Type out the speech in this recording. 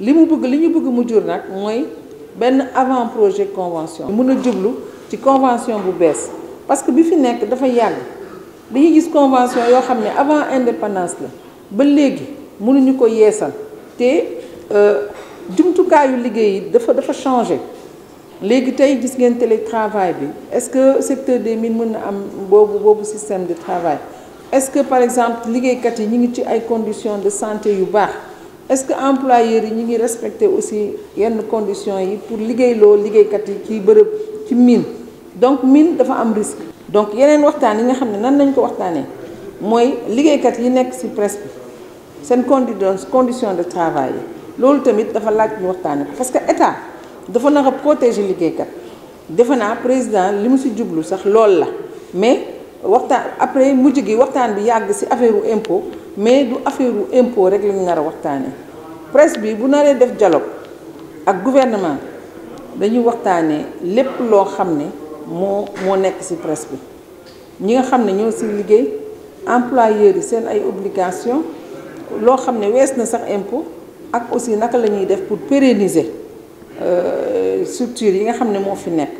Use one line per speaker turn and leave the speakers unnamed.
li mu bëgg li ñu bëgg mu jur nag mooy benn avant projet convention mun a jublu ci convention bu bees parce que bi fi nekk dafa yàgg ñu gis convention yoo xam ne avant indépendance la ba léegi mënuñu ko yeesal te euh, jumtukaayu liggéey yi dafa dafa changé léegi tey gis ngeen télétravail bi est-ce que secteur de mines mën na am boobu boobu système de travail est-ce que par exemple liggéeykat yi ñu ngi ci ay conditions de santé yu baax est-ce que employeurs yi ñu ngi respecter aussi yenn conditions yi pour liggéey loo liggéeykat yi ci bërëb ci mine donc mine dafa am risque. donc yeneen waxtaan yi nga xam ne nan lañ ko waxtaanee mooy liggéeykat yi nekk ci presque seen conditions condition de travail yi loolu tamit dafa laaj mu waxtaanee ko parce que état dafa nar a protéger liggéeykat defe naa président li mu ci jublu sax lool la mais. waxtaan après mujj gi waxtaan bi yàgg ci affaire u impôt mais du affaire u impôt rek lañu nar a waxtaanee presse bi bu naree def dialogue ak gouvernement dañuy waxtaanee lépp loo xam ne moo moo nekk ci presse bi ñi nga xam ne ñoo ci liggéey employeurs yi seen ay obligation loo xam ne wees na sax impôt ak aussi naka la ñuy def pour pérenniser euh, structure yi nga xam ne moo fi nekk